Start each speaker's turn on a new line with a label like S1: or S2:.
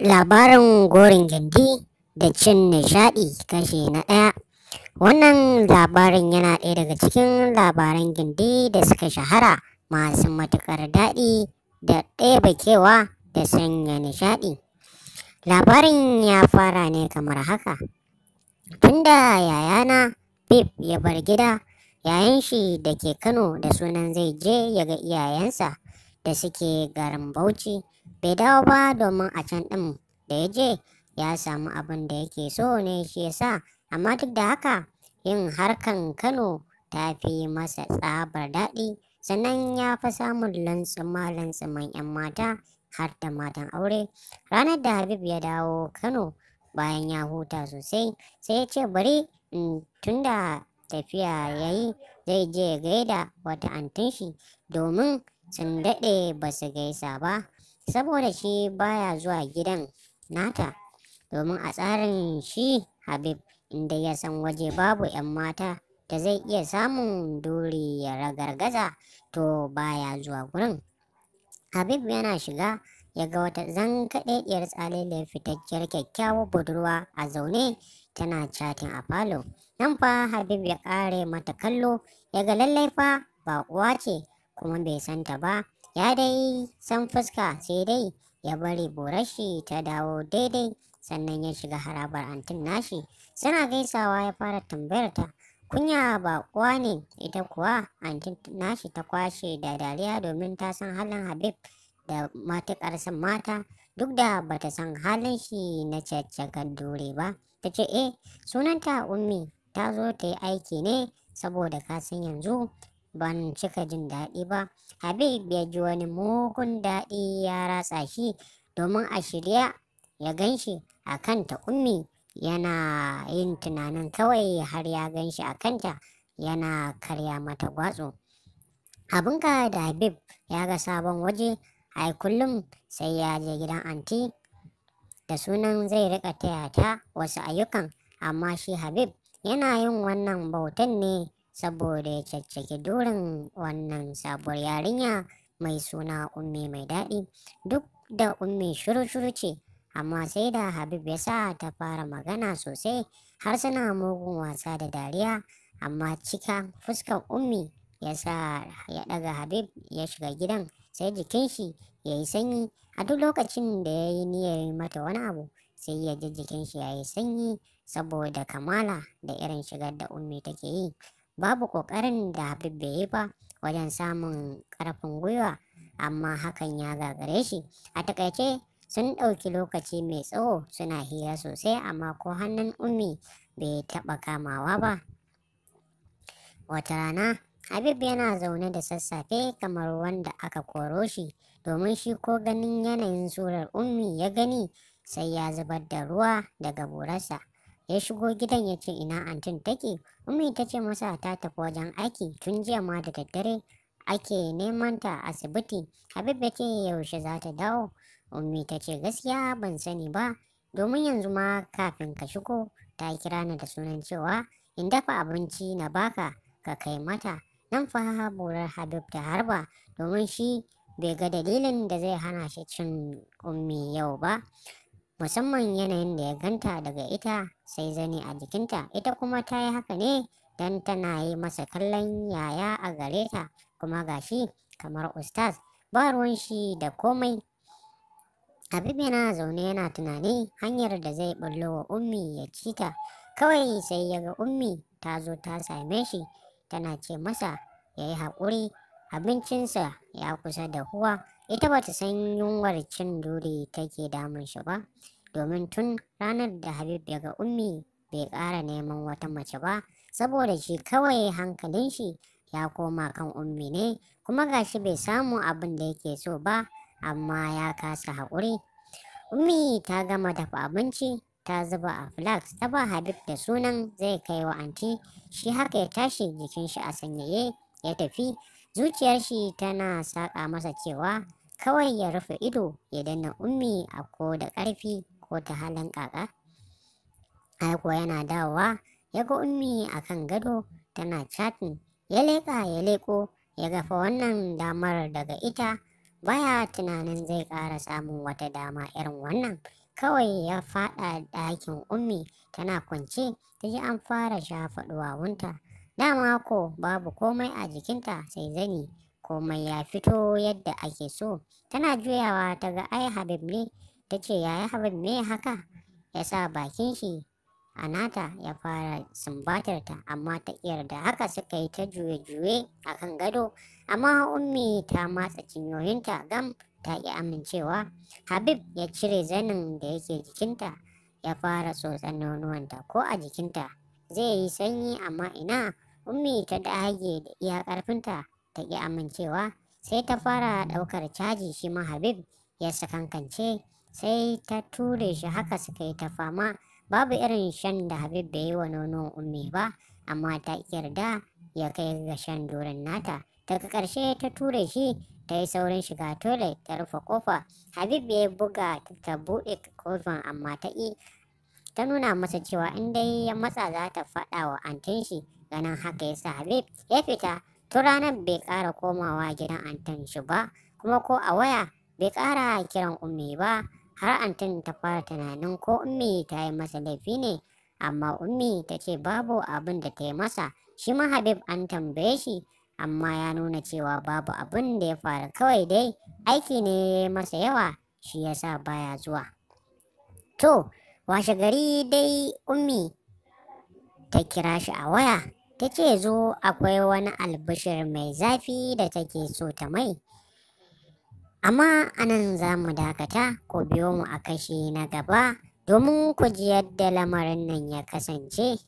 S1: Labarin gorin gindi da cin nishaɗi kashi na ɗaya. Wannan labarin yana ɗaya daga cikin labaran gindi da suka shahara masu matuƙar daɗi da ɗaya kewa da sanya nishaɗi. Labarin ya fara ne kamar haka. Tunda yayana Pip ya bar gida, yayan shi da ke Kano da sunan zai je ya ga iyayensa da suke garin Bauchi. bai dawo ba domin a can ɗin da ya je ya samu abin da yake so ne shi yasa amma duk da haka yin harkan kano ta fi masa tsabar daɗi sannan ya fi samun lantsuma-lantsuman 'yan mata har da matan aure ranar da habib ya dawo kano bayan ya huta sosai sai ya ce bari tunda tafiya ya yi zai je gaida wata antin shi domin sun daɗe ba su gaisa ba saboda shi baya zuwa gidan nata domin a tsarin shi habib inda ya san waje babu 'yan mata da zai iya samun duri ya ragargaza to baya zuwa gurin habib yana shiga ya ga wata zankaɗaɗiyar tsalilin fitacciyar kyakkyawar budurwa a zaune tana catin a falo nan fa habib ya ƙare mata kallo ya ga lallai fa ba uwa ce kuma bai santa ba ya dai san fuska sai dai ya bari borashi ta dawo daidai sannan ya shiga harabar antin nashi suna gaisawa ya fara tambayar ta kunya ba kuwa ne ita kuwa antin nashi ta kwashe da dariya domin ta san halin habib da matuƙar san mata duk da bata san halin shi na caccakan dure ba ta ce eh sunanta ummi ta zo ta yi aiki ne saboda kasan yanzu ban cika jin daɗi ba habib ya ji wani mugun daɗi ya ratsa shi domin a shirya ya gan shi a kanta ummi yana yin tunanin kawai har ya gan shi a kanta yana karya mata gwatso abinka da habib ya ga sabon waje ai kullum sai ya je gidan anti da sunan zai rika taya ta wasu ayyukan amma shi habib yana yin wannan bautan ne saboda ya caccake doron wannan sabuwar yarinya mai suna umme mai daɗi duk da umme shuru-shuru ce amma sai da habib ya sa ta fara magana sosai har suna mugun wasa da dariya amma cika fuskar ummi ya sa ya ɗaga habib ya shiga gidan sai jikin shi ya yi sanyi a duk lokacin da ya yi niyyar mata wani abu sai ya ji jikin shi ya yi sanyi saboda kamala da irin shigar da ummi take yi babu ƙoƙarin da Habib bai yi ba wajen samun ƙarfin gwiwa amma hakan ya gagare shi a takaice sun ɗauki lokaci mai tsawo suna hira sosai amma ko hannun ummi bai taɓa kamawa ba wata rana habib yana zaune da sassafe kamar wanda aka koro shi domin shi ko ganin yanayin surar ummi ya gani sai ya zubar da ruwa daga burarsa ya shigo gidan ya ce ina antin take ummi ta ce masa ta tafi wajen aiki tun jiya ma da daddare ake neman ta asibiti habib ya ce yaushe za ta dawo ummi ta ce gaskiya ban sani ba domin yanzu ma kafin ka shigo ta kira ni da sunan cewa in dafa abinci na baka ka kai mata nan fa burar habib ta harba domin shi bai ga dalilin da zai hana shi cin ummi yau ba musamman yanayin da ya ganta daga ita sai zani a jikinta ita kuma ta yi haka ne don tana yi masa kallon yaya a gare ta kuma gashi kamar ustaz ba ruwan shi da komai habib yana zaune yana tunani hanyar da zai bullo wa ummi ya ci ta kawai sai ya ga ummi ta zo ta same shi tana ce masa ya yi haƙuri abincinsa ya kusa da huwa ita ba ta san yunwar cin duri take damun shi ba domin tun ranar da habib ya ga ummi bai ƙara neman wata mace ba saboda shi kawai hankalin shi ya koma kan ummi ne kuma gashi bai samu abin da yake so ba amma ya kasa haƙuri ummi ta gama dafa abinci ta zuba a flax ta ba habib da sunan zai kai wa anti shi haka ya tashi jikin shi a sanyaye ya tafi zuciyar shi tana saƙa masa cewa kawai ya rufe ido ya danna ummi a ko da ƙarfi ko ta halin ƙaƙa aiko yana dawowa ya ga ummi a kan gado tana chatin ya leƙa ya leƙo ya gafa wannan damar daga ita baya tunanin zai ƙara samun wata dama irin wannan kawai ya faɗa ɗakin ummi tana kwance ta ji an fara shafa wunta. dama ko babu komai a jikinta sai zani komai ya fito yadda ake so tana juyawa ta ga ai habib ne ta ce yaya habib ne haka ya sa bakin shi a nata ya fara sumbatar ta amma ta da haka suka yi ta juye-juye a kan gado amma ummi ta matsa cinyoyinta gam ta ƙi amincewa habib ya cire zanin da yake jikinta ya fara tsotsan nonuwanta ko a jikinta zai yi sanyi amma ina ummi ta dage da iya karfinta ta ƙi amincewa sai ta fara ɗaukar caji shi ma habib ya sakankance sai ta ture shi haka suka yi ta fama babu irin shan da habib bai yi wa nono ummi ba amma ta yarda ya kai ga shan doron nata daga ƙarshe ta ture shi ta yi saurin shiga tole ta rufe kofa habib ya buga ta buɗe kofan amma ta ƙi ta nuna masa cewa in dai ya matsa za ta faɗa wa antin shi ganin haka ya sa habib ya fita Tun ranar bai ƙara komawa gidan antan shi ba, kuma ko a waya bai ƙara kiran ummi ba, har antin ta fara tunanin ko ummi ta yi masa laifi ne, amma ummi ta ce babu abin da ta yi masa, shi ma Habib an tambaye shi, amma ya nuna cewa babu abin da ya faru kawai dai aiki ne masa yawa shi yasa baya zuwa. To, washe gari dai ummi ta kira shi a waya. ta ce zo akwai wani albishir mai zafi da take so ta mai amma anan za mu dakata ko biyo mu a kashi na gaba domin ku ji yadda lamarin nan ya kasance